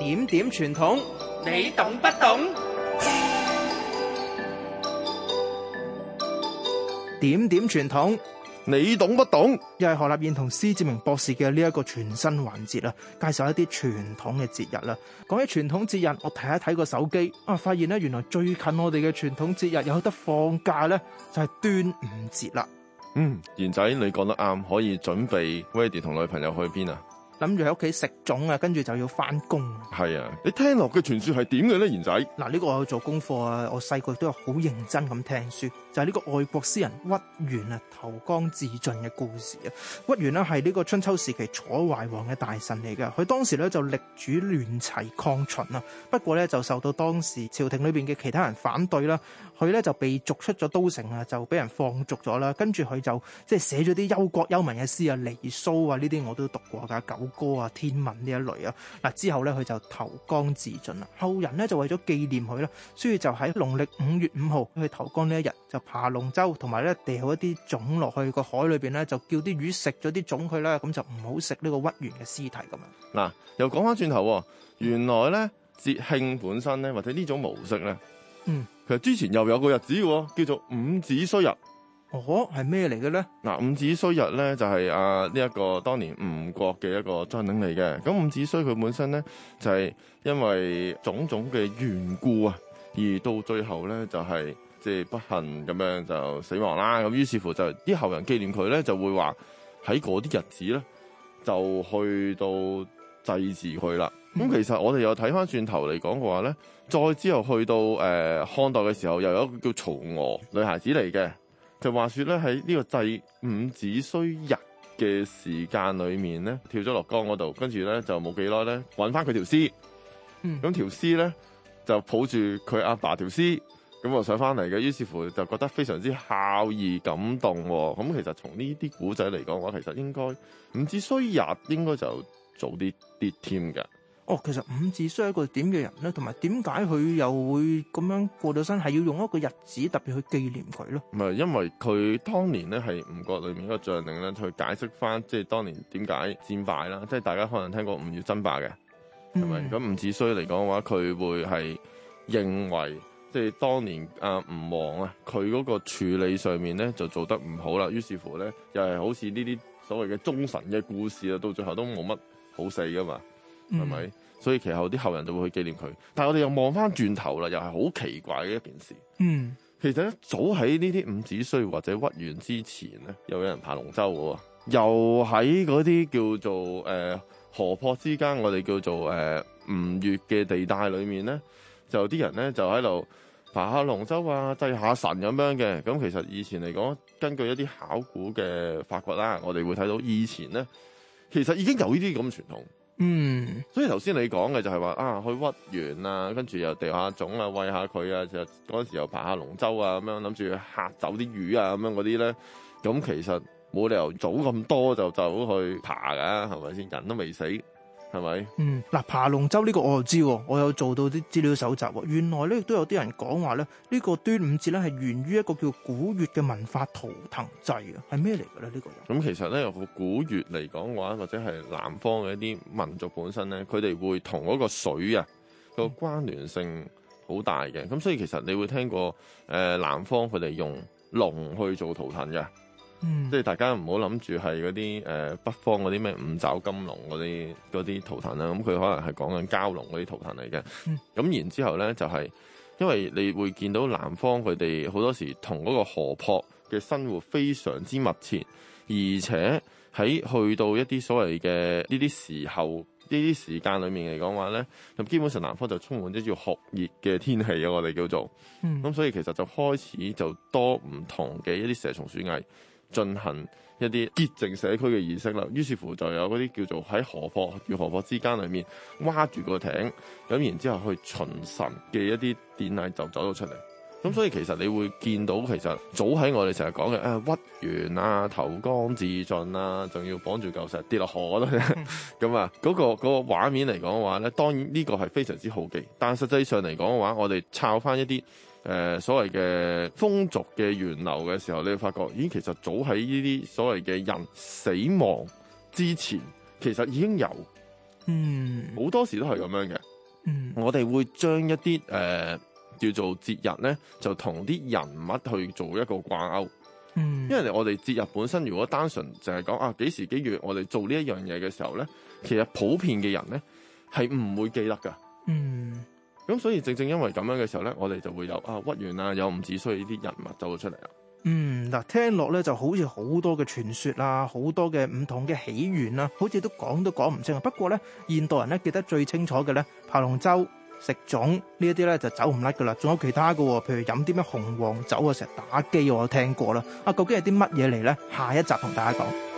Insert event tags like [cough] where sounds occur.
點點傳統，你懂不懂？點點傳統，你懂不懂？又係何立燕同施志明博士嘅呢一個全新環節啦，介紹一啲傳統嘅節日啦。講起傳統節日，我睇一睇個手機，啊，發現咧原來最近我哋嘅傳統節日有得放假咧，就係、是、端午節啦。嗯，賢仔你講得啱，可以準備 ready 同女朋友去邊啊？諗住喺屋企食粽啊，跟住就要翻工。係啊，你聽落嘅傳說係點嘅咧，賢仔？嗱，呢個我做功課啊，我細個都有好認真咁聽書，就係、是、呢個愛國詩人屈原啊投江自盡嘅故事啊。屈原咧係呢個春秋時期楚懷王嘅大臣嚟嘅，佢當時咧就力主聯齊抗秦啊，不過咧就受到當時朝廷裏邊嘅其他人反對啦。佢咧就被逐出咗都城啊，就俾人放逐咗啦。跟住佢就即係寫咗啲憂國憂民嘅詩啊，離騷啊呢啲我都讀過噶，九歌啊天問呢一類啊。嗱，之後咧，佢就投江自盡啦。後人咧就為咗紀念佢啦，所以就喺農曆五月五號佢去投江呢一日，就爬龍舟同埋咧掉一啲粽落去個海裏邊咧，就叫啲魚食咗啲粽佢啦，咁就唔好食呢個屈原嘅屍體咁樣。嗱，又講翻轉頭，原來咧節慶本身咧或者呢種模式咧。嗯，其實之前又有個日子嘅叫做五子衰伍子胥日，哦，係咩嚟嘅咧？嗱，伍子胥日咧就係、是、啊呢、這個、一個當年吳國嘅一個將領嚟嘅。咁伍子胥佢本身咧就係、是、因為種種嘅緣故啊，而到最後咧就係即係不幸咁樣就死亡啦。咁於是乎就啲後人紀念佢咧就會話喺嗰啲日子咧就去到祭祀佢啦。咁、嗯、其實我哋又睇翻轉頭嚟講嘅話咧，再之後去到誒、呃、漢代嘅時候，又有一個叫曹娥女孩子嚟嘅，就話說咧喺呢個祭五子胥日嘅時間裏面咧，跳咗落江嗰度，跟住咧就冇幾耐咧搵翻佢條屍，咁、嗯、條屍咧就抱住佢阿爸，爸條屍咁我就上翻嚟嘅。於是乎就覺得非常之孝義感動喎、哦。咁、嗯、其實從呢啲古仔嚟講嘅話，其實應該伍子胥日應該就早啲跌添嘅。哦，其實伍子胥係一個點嘅人咧，同埋點解佢又會咁樣過到身，係要用一個日子特別去紀念佢咯？唔係因為佢當年咧係吳國裏面一個將領咧，去解釋翻即係當年點解戰敗啦。即係大家可能聽過吳越爭霸嘅，係咪咁？伍子胥嚟講嘅話，佢會係認為即係當年啊，吳王啊，佢嗰個處理上面咧就做得唔好啦。於是乎咧，又係好似呢啲所謂嘅忠臣嘅故事啊，到最後都冇乜好死噶嘛。係咪？所以其後啲後人就會去紀念佢。但係我哋又望翻轉頭啦，又係好奇怪嘅一件事。嗯，其實咧早喺呢啲伍子胥或者屈原之前咧，又有人爬龍舟嘅，又喺嗰啲叫做誒、呃、河泊之間，我哋叫做誒吳越嘅地帶裏面咧，就啲人咧就喺度爬下龍舟啊，祭下神咁樣嘅。咁其實以前嚟講，根據一啲考古嘅發掘啦，我哋會睇到以前咧，其實已經有呢啲咁傳統。嗯，所以頭先你講嘅就係話啊，去屈原啊，跟住又掉下種啊，餵下佢啊，就嗰陣時又爬下龍舟啊，咁樣諗住嚇走啲魚啊，咁樣嗰啲咧，咁其實冇理由早咁多就走去爬噶啊，係咪先？人都未死。係咪？嗯，嗱，爬龍舟呢個我又知道，我有做到啲資料搜集。原來咧，亦都有啲人講話咧，呢個端午節咧係源於一個叫古越嘅文化圖騰祭。啊，係咩嚟嘅咧呢個？咁其實咧，由古越嚟講嘅話，或者係南方嘅一啲民族本身咧，佢哋會同嗰個水啊，個關聯性好大嘅。咁、嗯、所以其實你會聽過誒南方佢哋用龍去做圖騰嘅。即、嗯、係大家唔好諗住係嗰啲誒北方嗰啲咩五爪金龍嗰啲嗰啲圖騰啦，咁佢可能係講緊蛟龍嗰啲圖騰嚟嘅。咁、嗯、然之後呢，就係、是，因為你會見到南方佢哋好多時同嗰個河泊嘅生活非常之密切，而且喺去到一啲所謂嘅呢啲時候呢啲時間裏面嚟講話呢，咁基本上南方就充滿咗叫酷熱嘅天氣啊，我哋叫做，咁、嗯、所以其實就開始就多唔同嘅一啲蛇蟲鼠蟻。進行一啲潔淨社區嘅儀式啦，於是乎就有嗰啲叫做喺河泊與河泊之間裏面挖住個艇，咁然之後去巡神嘅一啲典禮就走咗出嚟。咁所以其實你會見到其實早喺我哋成日講嘅誒屈原啊、投江自盡啊，仲要綁住嚿石跌落河咁啊！嗰、 [laughs] 嗰個嗰、嗰個、畫面嚟講嘅話咧，當然呢個係非常之好記，但實際上嚟講嘅話，我哋抄翻一啲誒、呃、所謂嘅風俗嘅源流嘅時候，你會發覺咦，其實早喺呢啲所謂嘅人死亡之前，其實已經有嗯好多時都係咁樣嘅、嗯。我哋會將一啲誒。呃叫做節日咧，就同啲人物去做一個掛鈎。嗯，因為我哋節日本身如果單純就係講啊幾時幾月我哋做呢一樣嘢嘅時候咧，其實普遍嘅人咧係唔會記得噶。嗯，咁所以正正因為咁樣嘅時候咧，我哋就會有啊屈原啊，有伍子胥呢啲人物就會出嚟啦。嗯，嗱聽落咧就好似好多嘅傳說啊，好多嘅唔同嘅起源啊，好似都講都講唔清啊。不過咧，現代人咧記得最清楚嘅咧，扒龍舟。食粽呢一啲咧就走唔甩㗎喇，仲有其他㗎喎，譬如飲啲咩紅黃酒啊，成日打機我聽過啦，啊，究竟係啲乜嘢嚟咧？下一集同大家講。